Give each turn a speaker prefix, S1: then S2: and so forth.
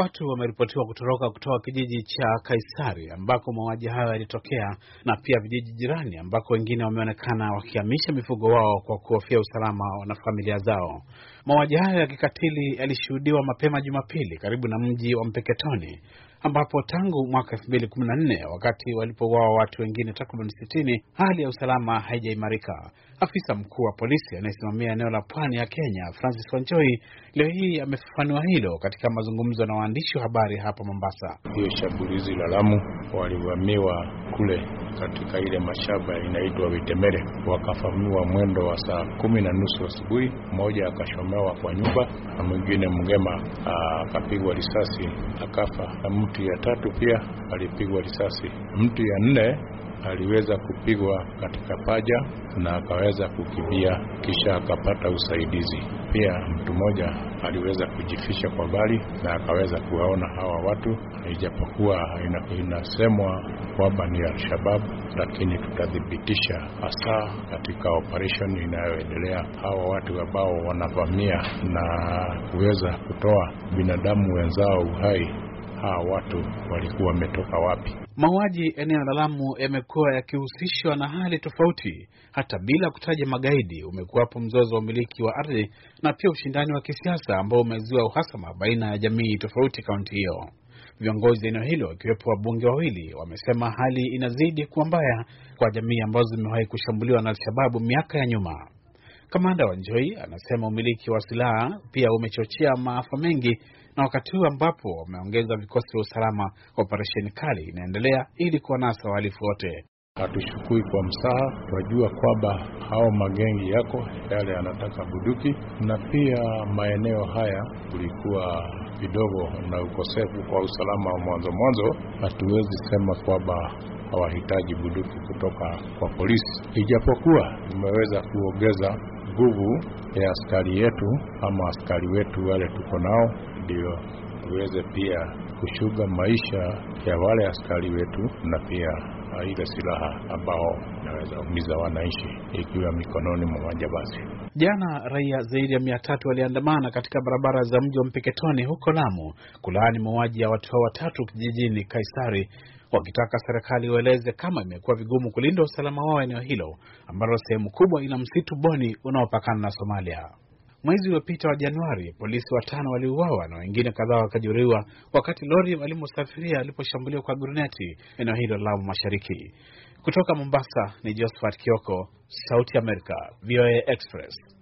S1: Watu wameripotiwa kutoroka kutoka kijiji cha Kaisari ambako mauaji hayo yalitokea na pia vijiji jirani ambako wengine wameonekana wakihamisha mifugo wao kwa kuhofia usalama na familia zao. Mauaji hayo ya kikatili yalishuhudiwa mapema Jumapili karibu na mji wa Mpeketoni ambapo tangu mwaka nne wakati walipouawa watu wengine takriban sitini hali ya usalama haijaimarika. Afisa mkuu wa polisi anayesimamia eneo la pwani ya Kenya, Francis Wanjoi, leo hii amefafanua hilo katika mazungumzo na waandishi wa habari hapa Mombasa.
S2: Hiyo shambulizi la Lamu walivamiwa kule katika ile mashaba inaitwa Witemere, wakafamiwa mwendo wa saa kumi na nusu asubuhi. Mmoja akashomewa kwa nyumba na mwingine mgema akapigwa risasi akafa, na mtu ya tatu pia alipigwa risasi. Mtu ya nne aliweza kupigwa katika paja na akaweza kukimbia, kisha akapata usaidizi. Pia mtu mmoja aliweza kujifisha kwa bali na akaweza kuwaona hawa watu, ijapokuwa inasemwa kwamba ni Al-Shabab, lakini tutathibitisha hasa katika operation inayoendelea, hawa watu ambao wanavamia na kuweza kutoa binadamu wenzao uhai hawa watu walikuwa wametoka wapi.
S1: Mauaji eneo la Lamu yamekuwa yakihusishwa na hali tofauti, hata bila kutaja magaidi. Umekuwapo mzozo wa umiliki wa ardhi na pia ushindani wa kisiasa ambao umezua uhasama baina ya jamii tofauti kaunti hiyo. Viongozi eneo hilo wakiwepo wabunge wawili wamesema hali inazidi kuwa mbaya kwa jamii ambazo zimewahi kushambuliwa na Alshababu miaka ya nyuma. Kamanda wa njoi anasema umiliki wa silaha pia umechochea maafa mengi, na wakati huu ambapo wameongeza vikosi vya usalama, operesheni kali inaendelea ili kuwanasa wahalifu wote. Hatushukui kwa msaha, twajua kwamba hao magengi yako yale
S2: yanataka buduki, na pia maeneo haya kulikuwa kidogo na ukosefu kwa usalama wa mwanzo mwanzo. Hatuwezi sema kwamba hawahitaji buduki kutoka kwa polisi, ijapokuwa imeweza kuongeza nguvu ya askari yetu ama askari wetu wale tuko nao, ndio tuweze pia kushuga maisha ya wale askari wetu na pia ile silaha ambao inaweza umiza wananchi ikiwa mikononi mwa majambazi.
S1: Jana raia zaidi ya mia tatu waliandamana katika barabara za mji wa Mpeketoni huko Lamu kulaani mauaji ya watu hao watatu kijijini Kaisari, wakitaka serikali iwaeleze kama imekuwa vigumu kulinda usalama wao eneo hilo ambalo sehemu kubwa ina msitu Boni unaopakana na Somalia. Mwezi uliopita wa Januari, polisi watano waliuawa na wengine kadhaa wakajeruhiwa wakati lori walimosafiria aliposhambuliwa kwa gruneti eneo hilo la Lamu Mashariki. Kutoka Mombasa ni Josephat Kioko, Sauti Amerika, VOA Express.